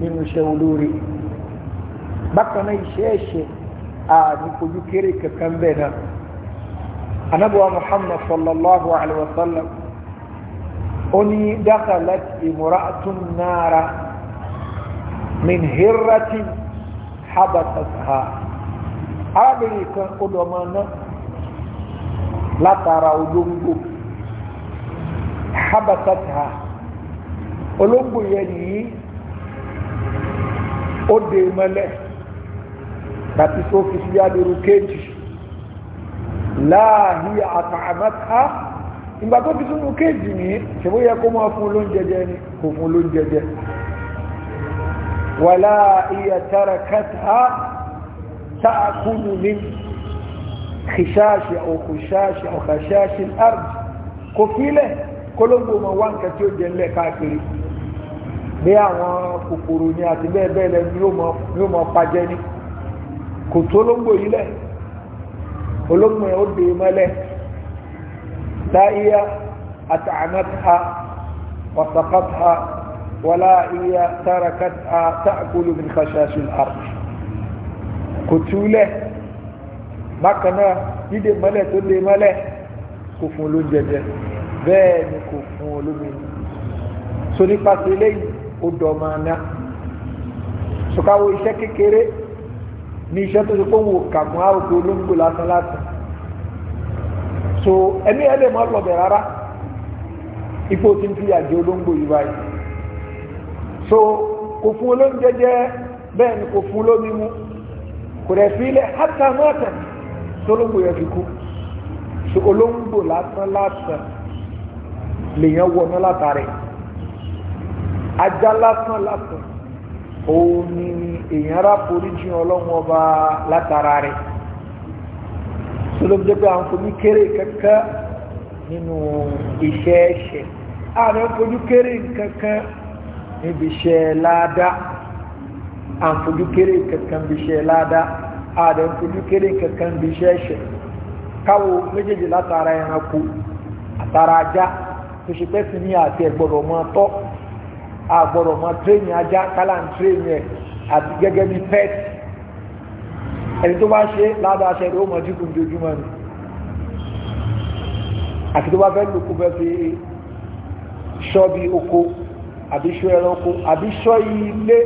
nínú iṣẹ́ olóore bákan náà iṣẹ́ ẹ̀ṣẹ̀ àní kò bí kéré kankan bẹ́ẹ̀ náà anabuwa muhammad sallallahu alaihi wasallam ó ní dakhalat imra'atun nara min hirratin habatatha arábìnrin kan ó lọ máa ná látara olóńgbò habasatha olóńgbò yẹn nìyí ó dè mọ́lẹ̀ láti tó fi sí adúrú kéjì láàhí àtàmátà ìgbà tó fi sínú kéjì ní ṣèbó yẹ kó máa fún olóúnjẹ jẹ ni kò fún olóúnjẹ jẹ wàlá iya tara kata ta'akunu min kìṣáṣì ọkùṣáṣì ọkàṣáṣì ard kò fílẹ̀ kólóńgbò mọ wá nǹkan tí ó jẹ ńlẹ̀ káàkiri bí àwọn kòkòrò ni àti bẹ́ẹ̀ bẹ́ẹ̀ lẹ ni yóò mọ pajẹ ní kò tó olóńgbò yìí lẹ̀ olóńgbò yẹn ó dè mọ́lẹ̀ láìyá àtàánátà wàsàkàtà wàlá ìyá tárakàtà táàkùlù min khashashi al kò túlẹ̀ bákan náà dídè mọ́lẹ̀ tó dè mọ́lẹ̀ kò fún olóúnjẹ jẹ bẹ́ẹ̀ ni kò fún olómìnira so nípasẹ̀ eléyìí ó dọ̀mọ̀ àná sọ̀káwó iṣẹ́ kékeré ní iṣẹ́ tó ṣe pé wò kàkún àròkè olóńgbò lásán lásán so ẹni ẹ lè má lọ̀bẹ̀ rárá ipò tí ń fi àjẹ olóńgbò yìí báyìí so kò fún olóúnjẹ jẹ bẹ́ẹ̀ ni kò fún olómi mu kò rẹ̀ fi ilẹ̀ hátà mọ́tà tó olóńgbò yẹn fi kú so olóńgbò lásán lásán lèyàn wọná látàrí ajá lásán lásán òun ni èèyàn rà foríjì ọlọ́run ọba látara rẹ̀ sọlọ́jọ́ pé à ń fojú kéré kankan nínú iṣẹ́ ẹ̀ṣẹ̀ ààrẹ ń fojú kéré kankan níbi iṣẹ́ láàdá à ń fojú kéré kankan níbi iṣẹ́ láàdá ààrẹ ń fojú kéré kankan níbi iṣẹ́ ẹ̀ṣẹ̀ káwo méjèèjì látara ẹranko àtara ajá tó ṣe pẹ́ sí ní àti ẹ̀gbọ́dọ̀ máa tọ́ àgbọ̀dọ̀ máa tírénì ajá kálá ń tírénì ẹ̀ àti gẹ́gẹ́ bí pet ẹni tó bá ṣe ládàá ṣe rẹ̀ ó mọ̀ dínkù dojúmọ́ ni àti tó bá fẹ́ lóko fẹ́ fi ṣọ́ bí oko àbí ṣọ́ ẹranko àbí ṣọ́ ilé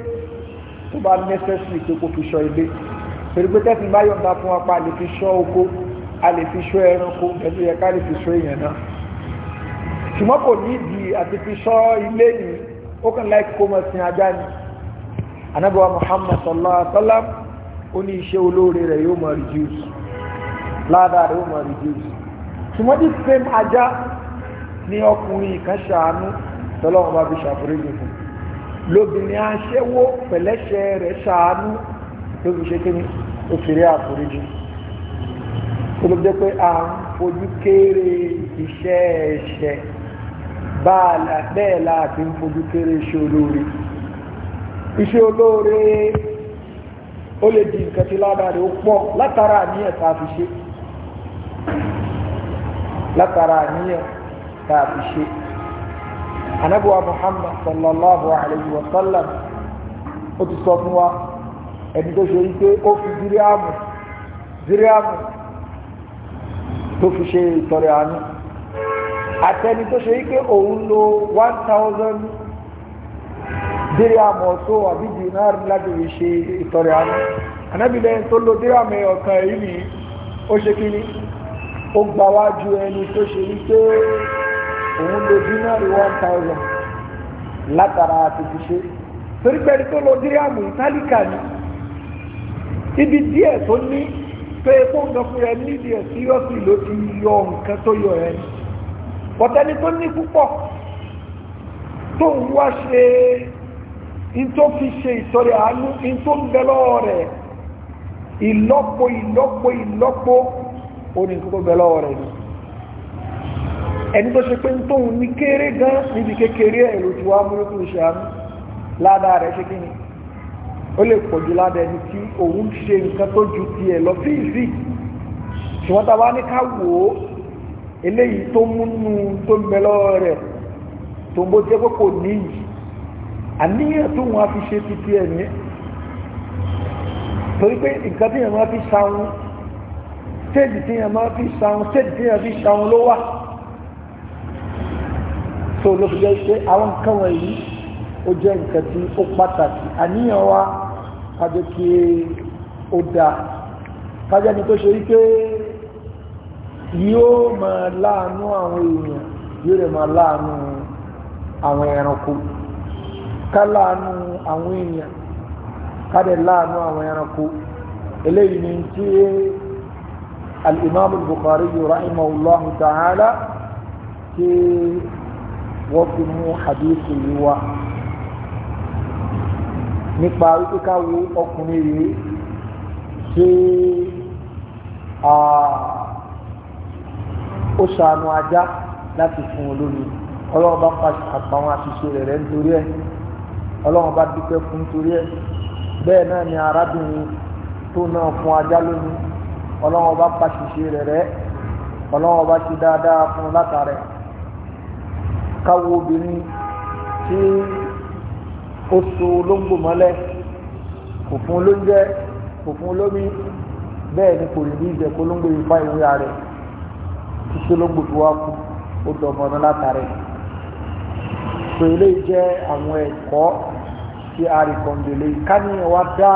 tó bá nẹ́sẹ̀sì tó kó fi ṣọ́ ilé pẹ̀lú pé tẹ́sí bá yọ̀ǹda fún apá a lè fi ṣọ́ oko a lè fi ṣọ́ ẹranko pẹ̀lú ẹ̀ka lè fi ṣọ́ èèyàn náà ṣùgbọ́n kò ní ìdí àti fi ṣọ́ ilé ní ó kàn láì kó mọ̀ sí ajá ni anábọ̀wá Muhammad sallallahu alaihi wasallam ó ní iṣẹ́ olóore rẹ̀ yóò mọ̀ reduce ládàá rẹ̀ yóò mọ̀ reduce ṣùgbọ́n this ajá ní ọkùnrin kan ṣàánú tọ́lọ́wọ́n bá fi ṣàforíjì fún lóbìnrin aṣẹ́wó pẹ̀lẹ́ṣẹ́ rẹ̀ ṣàánú ló fi ṣe kí ni ó fi rí àforíjì tó ló jẹ́ pé à ń fojú kéré iṣẹ́ ẹ̀ṣẹ̀ báàlà bẹ́ẹ̀ láti ń fojú kéré iṣẹ́ olóore iṣẹ́ olóore ó lè di nǹkan tí ládàá rẹ̀ ó pọ̀ látara àníyàn tá a fi ṣe látara àníyàn tá a fi ṣe anabuwa muhammad sallallahu alayhi wa sallam ó ti sọ fún wa ẹni tó ṣe wípé ó fi díríàmù díríàmù tó fi ṣe ìtọrẹ àánú àtẹni tó ṣe wípé òun lo one thousand dirham ọ̀tọ̀ àbí dinar láti fi ṣe ìtọrẹ àánú anábìlẹ̀ tó lo dirham ọ̀kan èyí ni ó ṣe kí ni ó gbà wá ju ẹni tó ṣe wípé òun lo dinar one thousand látara àti fi ṣe torí pé tó lo dirham ìtálíkà ni ibi díẹ̀ tó ní pé fóun dọ́kúrẹ́ nídìí ẹ̀ síríọ́sì ló ti yọ nǹkan tó yọ ẹni bọ̀tẹ́ni tó ní púpọ̀ tó ń wá ṣe in tó fi ṣe ìsọ̀rẹ̀ àánú in tó ń bẹ lọ́wọ́ rẹ̀ ìlọ́po ìlọ́po ìlọ́po orin tó bẹ lọ́wọ́ rẹ̀ ni ẹni tó ṣe pé tó ń ní kéré gan níbi kékeré ẹ̀rù tí wá múrú tó ṣe àánú ládàá rẹ̀ ṣe kíni ó lè pọ̀jù ládàá ẹni tí òun ṣe nǹkan tó ju tiẹ̀ lọ fíìsì ṣùgbọ́n tá ní ká wò eléyìí tó múnú tó ń bẹ lọ́wọ́ rẹ̀ tó ń bó jẹ́ kókò níyì àníyàn tó wọn fi ṣe títí ẹ̀ ní torí pé nǹkan tí yẹn máa fi ṣàwọn stéèjì tí yẹn máa fi ṣàwọn stéèjì tí yẹn fi ṣàwọn ló wà tó ló fi jẹ́ pé àwọn nǹkan wọ̀nyí ó jẹ́ nǹkan tí ó pàtàkì àníyàn wa kájọ kí ó dáa kájọ ni tó ṣe wípé. yóò máa láàánú àwọn èèyàn yóò rẹ̀ máa láàánú àwọn ẹranko ká láàánú àwọn èèyàn ká dẹ̀ láàánú àwọn ẹranko eléyìí ni tí al-imam al-bukhari rahimahullahu ta'ala tí wọ́n fi mú hadith yìí wá nípa wípé ká wo ọkùnrin yìí àà. ó ṣàánú ajá láti fún un lómi ọlọ́run bá pàṣẹ àpàwọn àṣìṣe rẹ̀ rẹ̀ nítorí ẹ̀ ọlọ́run bá dúpẹ́ fún nítorí ẹ̀ bẹ́ẹ̀ náà ni arábìnrin tó náà fún ajá lómi ọlọ́run bá pàṣìṣe rẹ̀ rẹ̀ ọlọ́run bá ṣe dáadáa fún látàrẹ̀ káwo obìnrin tí ó so olóńgbò mọ́lẹ̀ kò fún olóúnjẹ kò fún olómi bẹ́ẹ̀ ni kò rí bí ìjẹ̀kọ́ olóńgbò yìí fá ìwé rẹ̀ ṣíṣe ló gbòdú wá kú ó dọ̀mọ́ ọ̀nà látàrí pé ilé jẹ́ àwọn ẹ̀kọ́ tí a rí kọ̀ǹdélé káníyàn wá dá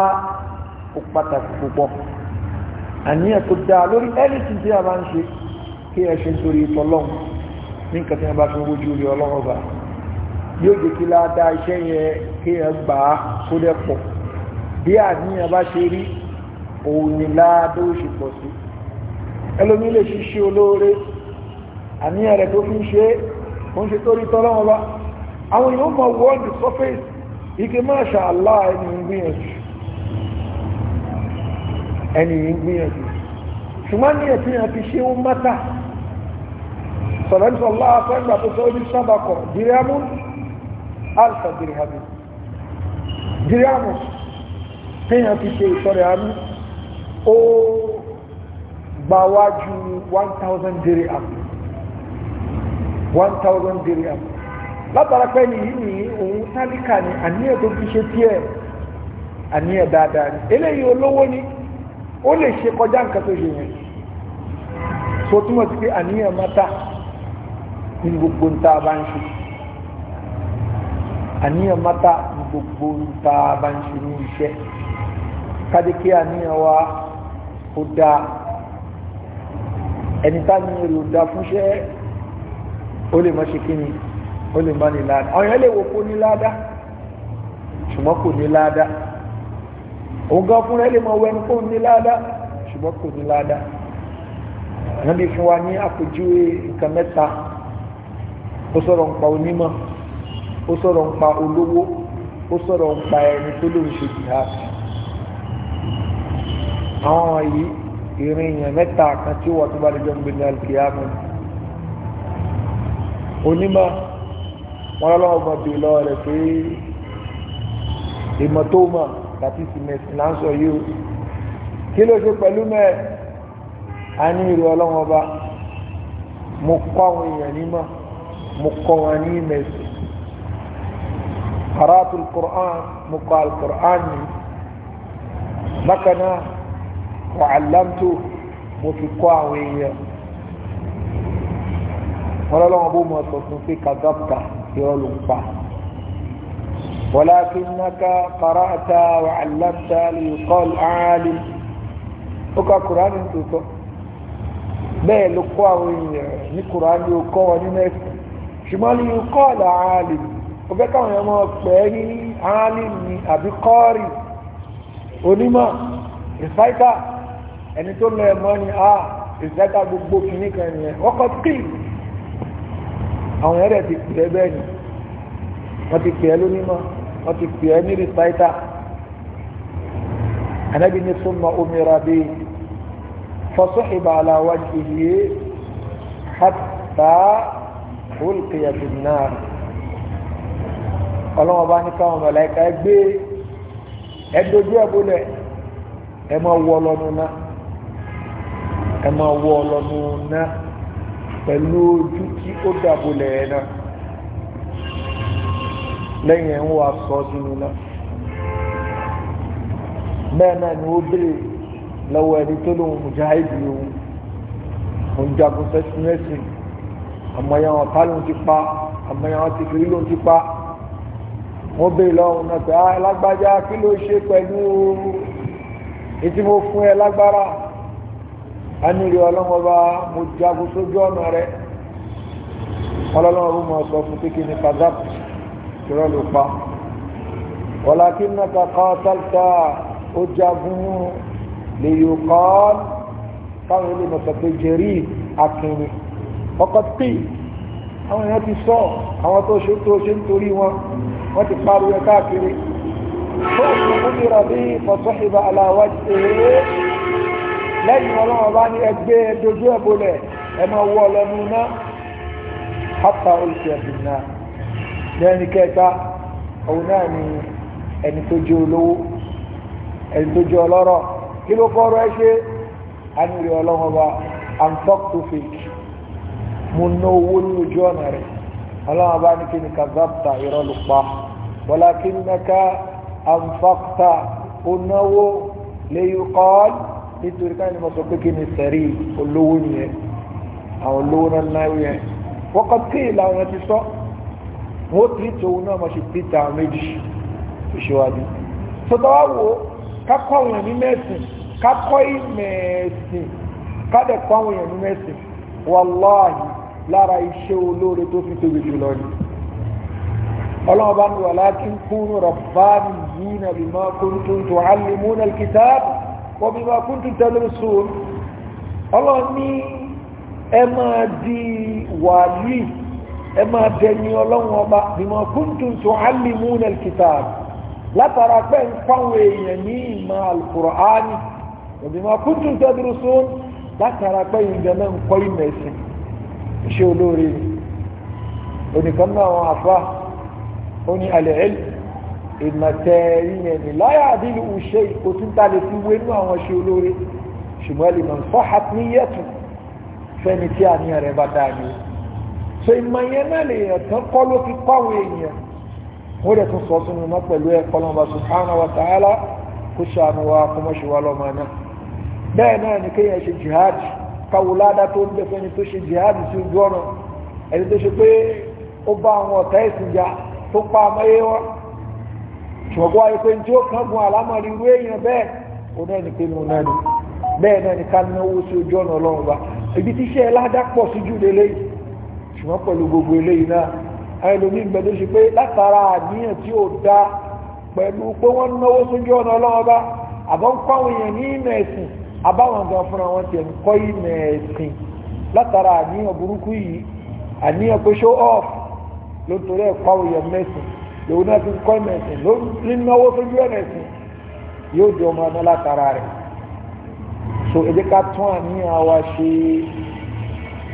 ó pàtàkì púpọ̀ àníyàn tó dá lórí anything tí a máa ń ṣe kí ẹ ṣe nítorí ìtọ́lọ́hún ní nǹkan tí wọ́n bá rí ọlọ́run ọba yóò jẹ́ kí ládàá iṣẹ́ yẹn kí ẹ gbà á kó dẹ̀ pọ̀ bí àníyàn bá ṣe rí òun ni ládàá ó ṣe pọ̀ sí i ẹlòmí lè ṣiṣẹ́ olóore àníyàn rẹ̀ tó fi ń ṣe òun ṣe torí tọ́lọ́wọ́n bá àwọn èèyàn mọ̀ wọ́n di surface ike masha Allah ẹni gbìyànjú ẹni gbìyànjú ṣùgbọ́n ní ẹ̀sìn àti ṣe ń mátà sọ̀rọ̀sọ̀ láàpẹ́gbà tó ó gba wájú 1000 dirham 1000 dirham látara pé ní yìí ní òun tálíkà ní àníyàn tó fi ṣe díẹ̀ àníyàn dáadáa ni eléyìí olówó ni ó lè ṣe kọjá nǹkan tó ṣe yẹn so túmọ̀ sí pé àníyàn mátà ní gbogbo ń tá a bá ń ṣe àníyàn mátà ní gbogbo ń tá bá ń ṣe ní iṣẹ́ kájé kí àníyàn wa ó dáa ẹni tá ní èrò da fúnṣẹ́ ó lè mọ́ ṣe kí ni ó lè mọ́ ní ládá àwọn èèyàn lè wò kó ní ládá ṣùgbọ́n kò ní ládá òun gan fúnra lè mọ wẹnu kó ní ládá ṣùgbọ́n kò ní ládá níbi fún wa ní àpèjúwe nǹkan mẹ́ta ó sọ̀rọ̀ nípa onímọ̀ ó sọ̀rọ̀ nípa olówó ó sọ̀rọ̀ nípa ẹni tó lóun ṣe jihad àwọn yìí ìrìn yẹn mẹ́ta kan tí wọ́n tó bá dẹjọ́ ń gbé ní alkiyama onímọ̀ wọn lọ́wọ́ ọmọ bèè lọ́wọ́ rẹ̀ pé ìmọ̀ tó mọ̀ tàbí sìmẹ̀sì là ń sọ yìí o kí ló ṣe pẹ̀lú mẹ́ẹ̀ a ní ìrù ọlọ́wọ́ ọba mo kọ́ àwọn èèyàn nímọ̀ mo kọ́ wọn ní ìmẹ̀sì karatul Qur'an mo kọ́ al wà alámtò mo fi kọ́ àwọn èèyàn ọlọ́lọ́wọ́n bó mọ̀ sọ fún pé kàdọ́pà yọ ló ń pa wàlákínnáka kàràtà wà alámtà lè kọ́ ààlìm ó ka kùránì tó tọ́ bẹ́ẹ̀ ló kọ́ àwọn èèyàn ní kùránì ó wọn nínú ẹ̀sìn ṣùgbọ́n lè kọ́ ó fẹ́ káwọn èèyàn pẹ́ ní ààlìm ni àbí onímọ̀ ìfáìtà ẹni tó lọ ẹ̀mọ́ ni a ah, ìsẹ́ta gbogbo kìíní kan nìyẹn ọkọ̀ tí àwọn ẹ̀rẹ̀ ti pè é bẹ́ẹ̀ ni wọ́n ti pè é lónímọ̀ wọ́n ti pè é ní rìsáítà ànábi ní súnmọ́ omi ra bí fọ́sọ́ ìbà aláwa jìyẹ hàtà olùkèyàtì náà ọlọ́wọ́n bá ní káwọn mọ̀láìka ẹgbẹ́ ẹgbẹ́jú ẹ̀bùlẹ̀ ẹ máa wọ lọ́nu náà ẹ máa wọ ọlọ́nu náà pẹ̀lú ojú tí ó dàbọ̀lẹ̀ ẹ̀ náà lẹ́yìn ẹ̀ ń wá sọ sínú náà bẹ́ẹ̀ náà ni ó bèrè lọ́wọ́ ẹni tó lóun mùjáhìdì òun òun jagun sẹ́sìn ẹ̀sìn àmọ́ yẹn wọn pálọ̀ ti pa àmọ́ yẹn wọn ti fi lóun ti pa wọ́n bèrè lọ́wọ́ náà pé alágbájá ah, kí ló ṣe pẹ̀lú etí mo fún ẹ lágbára anìrí ọlọ́mọba mo jagun sójú ọ̀nà rẹ ọlọ́mọba mo sọ fún kékeré ní kazap ìrọ̀ ló pa wọ́lákí nàkà kọ́tàlta ó jagun lè yóò kọ́ táwọn ilé mọ̀sọ̀ pé jẹ̀rí akínrin ọkọ̀ tí àwọn èèyàn ti sọ àwọn tó ṣe tó ṣe ń torí wọn wọ́n ti pariwo káàkiri fún ìṣòro ìrọ̀lẹ́ ìfọ̀sọ́ṣìbà aláwájú lẹ́yìn ọlọ́run bá ní ẹgbẹ́ dojú ẹ̀ bolẹ̀ ẹ máa wọ ọlọ́nu iná hapa oṣù ẹ̀bùn náà lẹ́yìn kẹta òun náà ni ẹni tó jẹ́ olówó ẹni tó jẹ́ ọlọ́rọ̀ kí ló kọ́rọ̀ ẹ ṣe anúrí ọlọ́run ọba antoctofic mo ná owó ní ojú ọ̀nà rẹ̀ ọlọ́run ọba ní kí ni kazapta irọ́ ló pa wọlá kí ni mẹ́ka anfakta ó náwó lè nítorí káyọ̀ ni mo sọ pé kí ni sẹ̀rí olówó nìyẹn àwọn olówó náà náírà yẹn wọ́n kọ́ kéè làwọn ti sọ wọ́n tìrì tòun náà mo ṣe pété àwọn méjì tó ṣíwájú sọtọ́ wá wò ó ká kọ́ àwọn èèyàn mẹ́sìn ká ìmẹ̀ẹ̀sìn ká kọ́ àwọn èèyàn mẹ́sìn wàláhì lára iṣẹ́ olóore tó fi tóbi jùlọ ni ọlọ́run bá ń wà láti ń kúrò rọ̀bá nìyí nàbìmọ́ kúrò tó ń tó alẹ́ múnà kìtàbù وبما كنتم تدرسون ọlọ́run ní ẹ máa di wàlí ẹ máa dẹni ọlọ́run ọba bima kuntum tuallimuna alkitab látara pé ń fáwọn èèyàn ní ìmọ̀ alukur'ani bima kuntum tadrusun látara pé ìgbẹ́ náà ń kọ́ ìmọ̀ ẹ̀sìn iṣẹ́ olóore onìkan náà wọn àfa ó ní al-ilm ìmọ̀tẹ́ yíyan ni láyà àdìlú ṣe kò tún ta lè fi wé nú àwọn ṣe olóore ṣùgbọ́n lè mọ̀ sọ́hat ní yẹ̀tù fẹ́ni tí àníyàn rẹ̀ bá dáa ni so ìmọ̀ yẹn náà lè yàn tán kọ́ ló fi pàwọn èèyàn ó rẹ̀ tún sọ sínú náà pẹ̀lú ẹ̀ kọ́lọ́mọba subhanahu wa ta'ala kó ṣàánú wa kó mọ̀ ṣe wá lọ́mọ náà bẹ́ẹ̀ náà ni kéèyàn ṣe jihad ṣùgbọ́n kó wáyé pé ní tí ó kángun àlámọ̀rí irú èèyàn bẹ́ẹ̀ òun náà ní pé ní òun náà ní bẹ́ẹ̀ náà ní ká sí ojú ọ̀nà ọlọ́run ibi tí iṣẹ́ ládá sí jù ṣùgbọ́n pẹ̀lú gbogbo eléyìí náà ẹlòmí gbẹ̀dọ̀ ṣe pé látara àníyàn tí ó dá pẹ̀lú pé wọ́n ọ̀nà ọlọ́run bá àbọ̀ ń kọ́ àwọn èèyàn ní lòun náà fi ń kọ́ ìmẹ̀sìn ló ní náwó sójú ọ̀nà ẹ̀sìn yóò di ọmọ ọmọ látara rẹ̀ so ẹ jẹ́ ká tún àníyàn wa ṣe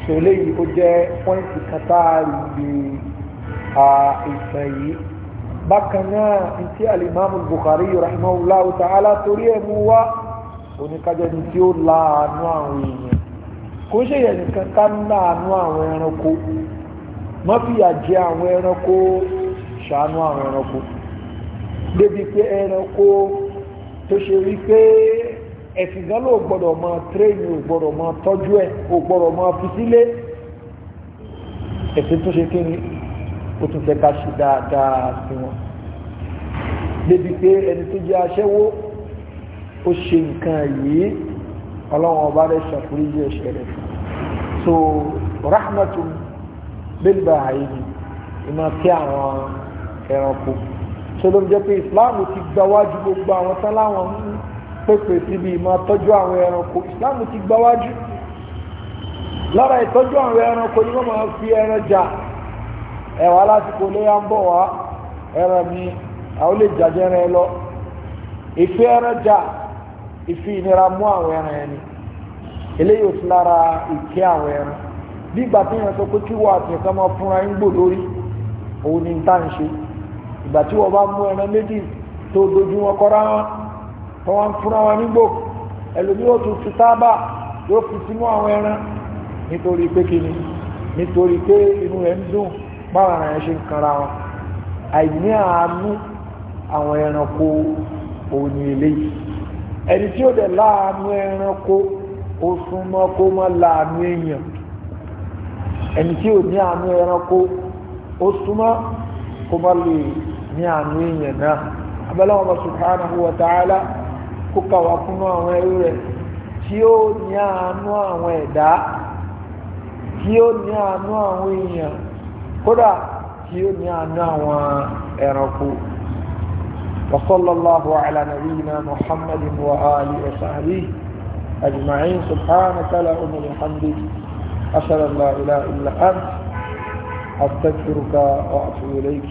so eléyìí ó jẹ́ pọ́ìntì kan tá a rí bí ìtàn yìí bákan náà ní tí alimami Bukhari rahimahullah ta'ala torí ẹ̀ mú wá oníkájẹ́ ni tí ó láàánú àwọn èèyàn kò ṣe yẹ nìkan ká láàánú àwọn ẹranko mọ́fìyà jẹ àwọn ẹranko ṣàánú àwọn ẹranko débi pé ẹranko tó ṣe rí pé ẹ̀sìn gan ló gbọ́dọ̀ máa tírẹ́ẹ̀nì ò gbọ́dọ̀ máa tọ́jú ẹ̀ ò gbọ́dọ̀ máa fi sílé ẹ̀sìn tó ṣe kí ni ó tún fẹ́ ká ṣe dáadáa sí wọn débi pé ẹni tó jẹ́ aṣẹ́wó ó ṣe nǹkan yìí ọlọ́run ọba rẹ̀ ṣàforíjì ẹ̀ṣẹ̀ rẹ̀ so rahmatul bilba ayi ni ìmọ̀ kí àwọn ẹranko ṣolóbi jẹ́ pé islam ti gbáwájú gbogbo àwọn tán láwọn ń pèpè síbi ìmọ̀ tọ́jú àwọn ẹranko islam ti gbáwájú lára ìtọ́jú àwọn ẹranko ni wọ́n máa fi ẹran jà ẹ̀wà lásìkò léyà ń bọ̀ wá ẹran mi àwọn lè jàjẹ́ rẹ lọ ìfi ẹran jà ìfi ìnira mú àwọn ẹran ẹni eléyìí ò sí lára ìkẹ́ àwọn ẹran bí ìgbà tí yẹn pé kí wọ́n àti ẹ̀ka máa fúnra ń gbò lórí òun ni ń tà ń ṣe ìgbà tí wọ́n bá mú ẹran méjì tó dojú wọn kọ́ra wọn tó wọn fúnra wọn nígbò ẹlòmí ó tún fi tábà yóò fi sínú àwọn ẹran nítorí pé kíni nítorí pé inú rẹ̀ ń dùn báwọn ara ẹ̀ ṣe ń kanra wọn àìní àánú àwọn ẹranko òun ni eléyìí ẹni tí ó dẹ̀ láàánú ẹranko ó súnmọ́ kó má láàánú èèyàn ẹni tí ò ní àánú ẹranko ó súnmọ́ kó má lè ní àánú èèyàn náà abẹ́lẹ́wọ̀n bá subhanahu wa ta'ala kó kàwá fún àwọn ẹrú rẹ̀ tí ó ní àánú àwọn ẹ̀dá tí ó ní àánú àwọn èèyàn kódà tí ó ní àánú àwọn ẹranko وصلى الله على نبينا محمد وآله وصحبه أجمعين سبحانك اللهم وبحمدك أشهد أن لا إله إلا أنت أستغفرك وأتوب إليك